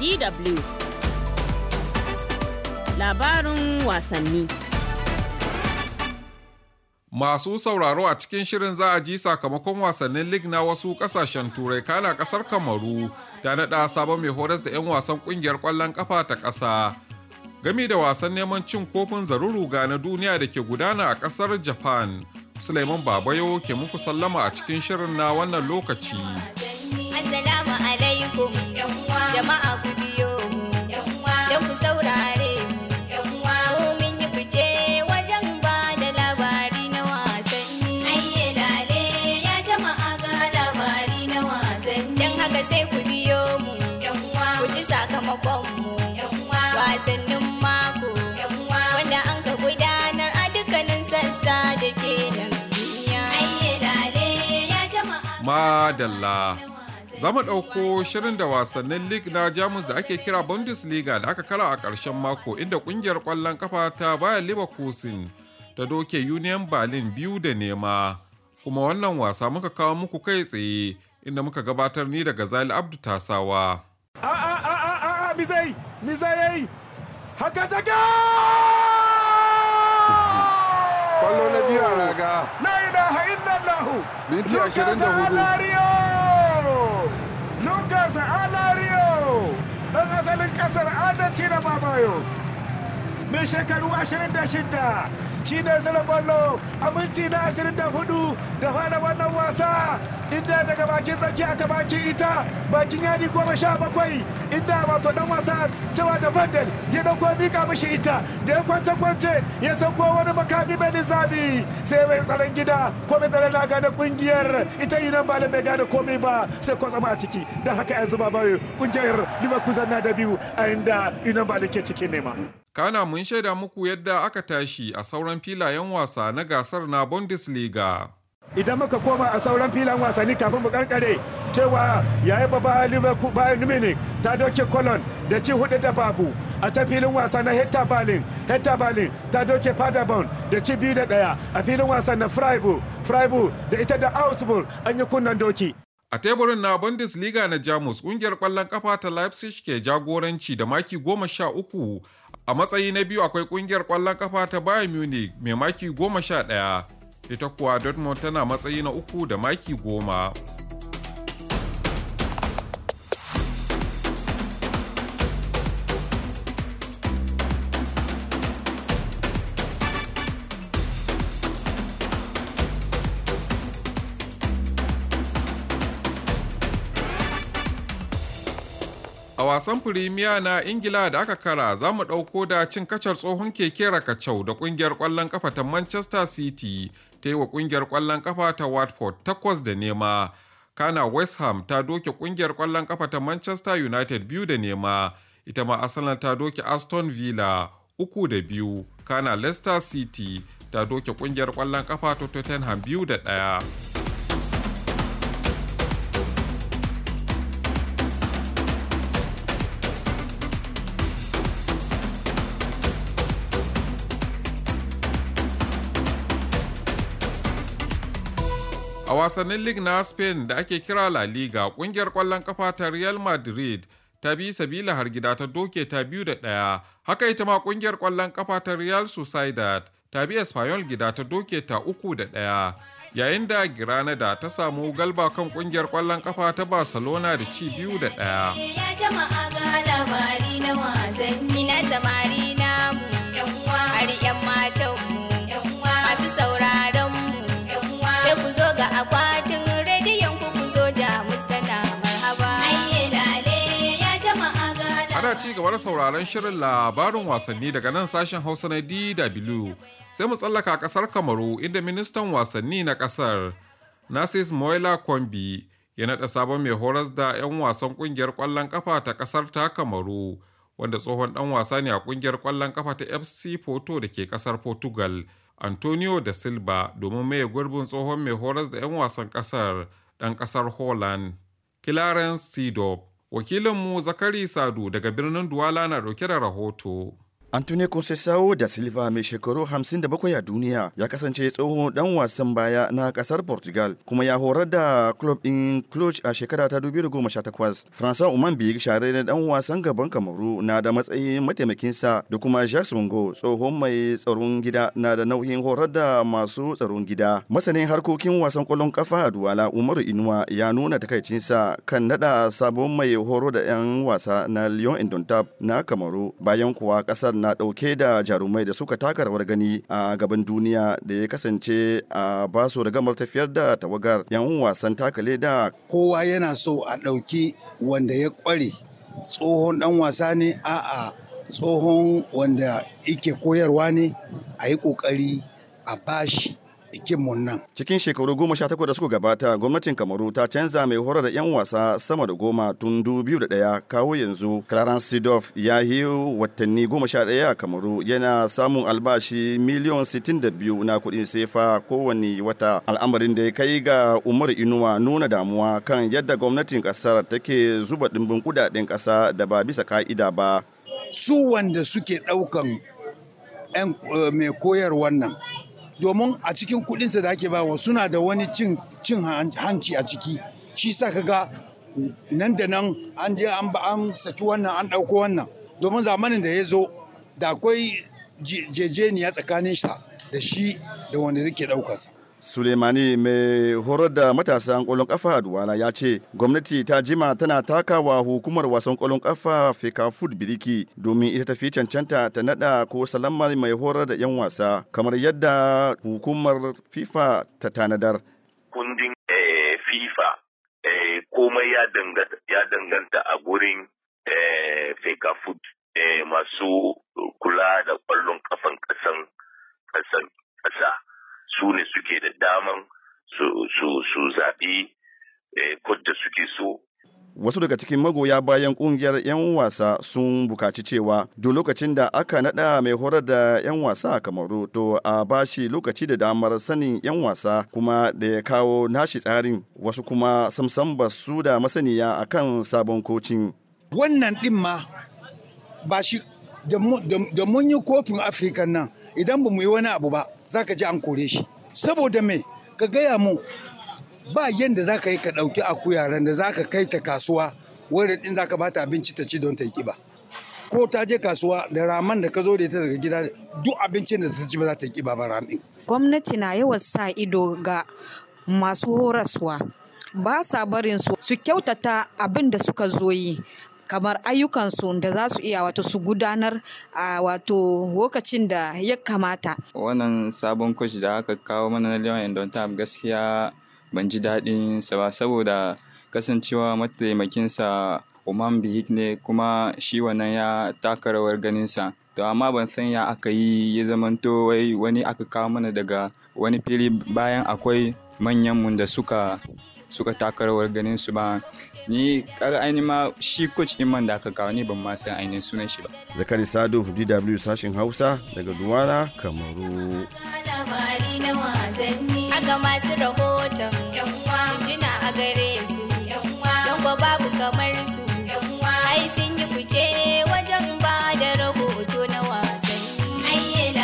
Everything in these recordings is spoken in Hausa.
DW Labarin wasanni Masu sauraro a cikin shirin za a ji sakamakon wasannin lig na wasu kasashen turai kana kasar kamaru ta naɗa sabon mai horas da 'yan wasan kungiyar ƙwallon ƙafa ta ƙasa. Gami da wasan neman cin kofin zaruru ga na duniya da ke gudana a ƙasar Japan. Suleiman Babayo ke muku sallama a cikin shirin na wannan lokaci. jama'a ku biyo mu don ku saurare mu fice wajen ba da labari ya labari sai ku biyo mu mako gudanar a madalla za mu ɗauko shirin da wasannin Lig na jamus da ake kira bundesliga da aka kara a ƙarshen mako inda ƙungiyar ƙwallon kafa ta bayan leverkusen ta doke union berlin biyu da nema kuma wannan wasa muka kawo muku kai tsaye inda muka gabatar ni daga zali abdu tasawa a babayo mai shekaru 26 shine zira ballo a minti na 24 da fara wannan wasa inda daga bakin tsaki aka baki ita bakin yadi goma sha bakwai inda wato dan wasa cewa da vandal ya dauko mika mishi ita da ya kwance kwance ya sauko wani makami mai nizami sai mai tsaron gida ko mai tsaron na da kungiyar ita nan ba da bai gane komai ba sai ma a ciki don haka yanzu ba bayo kungiyar liverpool na da biyu a inda nan ba da ke cikin nema. kana mun shaida muku yadda aka tashi a sauran filayen wasa na gasar na bundesliga idan muka koma a sauran filan wasanni kafin mu karkare cewa yayi baba liverpool bayan munich ta doke colon da ci hudu da babu a ta filin wasa na hector berlin hector berlin ta doke paderborn da ci biyu da daya a filin wasa na freiburg freiburg da ita da augsburg an yi kunnen doki a teburin na bundesliga na jamus kungiyar kwallon kafa ta leipzig ke jagoranci da maki goma sha uku a matsayi na biyu akwai kungiyar kwallon kafa ta bayern munich mai maki goma sha daya ita kuwa dortmund tana matsayi na uku da maki goma A wasan firimiya na Ingila da aka kara za mu ɗauko da cin kacar tsohon keke rakacau da ƙungiyar ƙwallon ƙafa ta Manchester City ta yi wa ƙungiyar ƙwallon ƙafa ta Watford takwas da nema. Kana West Ham ta doke ƙungiyar ƙwallon ƙafa ta Manchester United biyu da nema. Ita ma Arsenal ta doke Aston Villa uku da biyu. Kana Leicester City ta doke ƙungiyar ƙwallon ƙafa ta Tottenham biyu da ɗaya. A wasannin League na Spain da ake kira La Liga, kungiyar ƙwallon kafa ta Real Madrid ta bi Sabila har gida ta doke ta biyu da ɗaya. Haka ita ma kungiyar ƙwallon kafa ta Real Sociedad ta bi Espanyol gida ta doke ta uku da ɗaya. Yayin da Granada ta samu galba kan kungiyar ƙwallon kafa ta Barcelona da ci biyu da ɗaya. labari na ci gaba da sauraron shirin labarin wasanni daga nan sashen Hausa na DW. Sai mu tsallaka kasar Kamaru inda ministan wasanni na kasar Nasis Moila Kwambi ya naɗa sabon mai horas da 'yan wasan ƙungiyar ƙwallon ƙafa ta ƙasar ta Kamaru, wanda tsohon ɗan wasa ne a ƙungiyar ƙwallon ƙafa ta FC Porto da ke ƙasar Portugal, Antonio da Silva, domin maye gurbin tsohon mai horas da 'yan wasan ƙasar ɗan ƙasar Holland, Clarence Seedorf. Wakilinmu Zakari Sadu daga birnin Duwala na ɗauke da rahoto. Antonio Concesao da Silva mai shekaru 57 a duniya ya kasance tsohon dan wasan baya na kasar Portugal kuma ya horar da club in Cluj a shekara ta 2018. big share na dan wasan gaban Kamaru na da matsayin mataimakinsa da kuma Jacques Mungo tsohon mai tsaron gida na da nauyin horar da masu tsaron gida. Masanin harkokin wasan kwallon kafa a Duwala Umaru Inuwa ya nuna takaicinsa kan nada sabon mai horo da 'yan wasa na Lyon Indontap na Kamaru bayan kuwa kasar na ɗauke da jarumai da suka taka rawar gani a gaban duniya da ya kasance a basu da gamar tafiyar da tawagar yan wasan taka leda kowa yana so a ɗauki wanda ya ƙware tsohon ɗan wasa ne a'a tsohon wanda ike koyarwa ne a yi ƙoƙari a bashi mu nan. Cikin shekaru goma sha takwas da suka gabata gwamnatin Kamaru ta canza mai horar da 'yan wasa sama da goma tun biyu da ɗaya kawo yanzu Clarence Seedorf ya yi watanni goma sha ɗaya a Kamaru yana samun albashi miliyon sittin da biyu na kuɗin sefa kowane wata al'amarin da ya kai ga Umar Inuwa nuna damuwa kan yadda gwamnatin ƙasar take zuba ɗimbin kuɗaɗen ƙasa da ba bisa ka'ida ba. Su wanda suke ɗaukan eh, mai koyar wannan domin a cikin kuɗinsa da ake bawa suna da wani cin hanci a ciki shi sa ka ga nan da nan an je an saki wannan an ɗauko wannan domin zamanin da ya zo da akwai jejeniya tsakanin sa da shi da wanda zai ke ɗaukarsa Suleimani mai horar da matasan ƙwallon ƙafa a Duwala ya ce gwamnati ta jima tana takawa hukumar wasan kwallon kafa Fika Food Biriki domin ita tafi cancanta ta naɗa ko salamar mai horar da 'yan wasa kamar yadda hukumar FIFA ta tanadar. Kundin eh, FIFA eh, komai ya danganta a gurin eh, Fika Food masu kula da ƙwallon ƙafan suke da daman su zaɓi kudda eh, suke so wasu daga cikin magoya bayan ƙungiyar 'yan wasa sun bukaci cewa duk lokacin da aka naɗa mai horar da 'yan wasa a kamaru to a bashi lokaci da damar sanin 'yan wasa kuma da ya kawo nashi tsarin wasu kuma samsam ba su da masaniya a kan sabon kocin wannan ɗin ma ba shi da mun yi kofin afirka nan idan ba mu yi wani abu ba za ka ji an kore shi saboda me ka gaya mu ba yadda za ka yi ka ɗauki akuya ran da za ka kai ta kasuwa wurin ɗin za ka ba ta abinci ta ci don ta yi ƙiba ko ta je kasuwa da raman da ka zo da ita daga gida duk abincin da ta ci ba za ta yi ƙiba ba ran ɗin. gwamnati na yawan sa ido ga masu horaswa ba sa barin su kyautata abin da suka zo yi kamar ayyukansu da za su iya wato su gudanar a wato lokacin da ya kamata. Wannan sabon kwashi da aka kawo mana na Leon Endontam gaskiya ban ji daɗin sa ba saboda kasancewa mataimakinsa Oman Bihik ne kuma shi wannan ya taka rawar ganinsa. To amma ban san ya aka yi ya zamanto wai wani aka kawo mana daga wani fili bayan akwai manyan manyanmu da suka suka taka rawar ganinsu ba. ni kar ainihin ma shi coach in man da aka kawo ni ban ma san ainihin sunan shi ba zakari sadu dw sashin hausa daga duwana kamaru masu rahoton jina a gare su wajen ba da na wasanni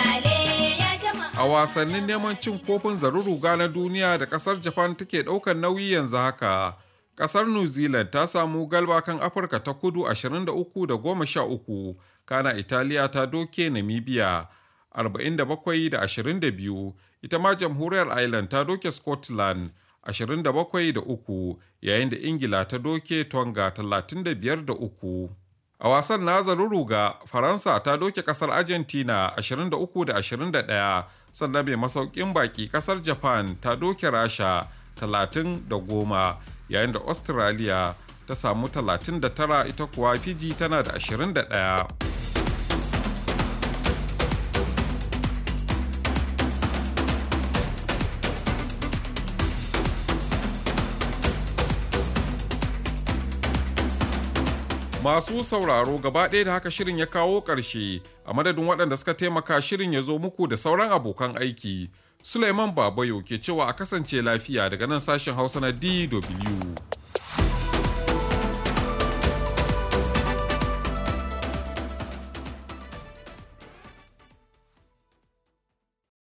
a wasannin neman cin kofin zaruruga na duniya da kasar japan take daukar nauyi yanzu haka Ƙasar New Zealand ta samu galba kan Afirka ta kudu 23 da 13, kana Italiya ta doke Namibia 47 da 22, ita ma Jamhuriyar Ireland ta doke Scotland 27 da 3, yayin da Ingila ta doke Tonga 35 da 3. A wasan na ruga Faransa ta doke kasar Argentina 23 da 21, sannan mai masaukin baki kasar Japan ta doke Rasha 30 da 10. yayin da Australia ta samu 39 ita kuwa Fiji tana da 21. Masu sauraro gaba ɗaya da haka shirin ya kawo ƙarshe a madadin waɗanda suka taimaka shirin ya zo muku da sauran abokan aiki. Suleiman Babayo ke cewa a kasance lafiya daga nan sashen Hausa na DW.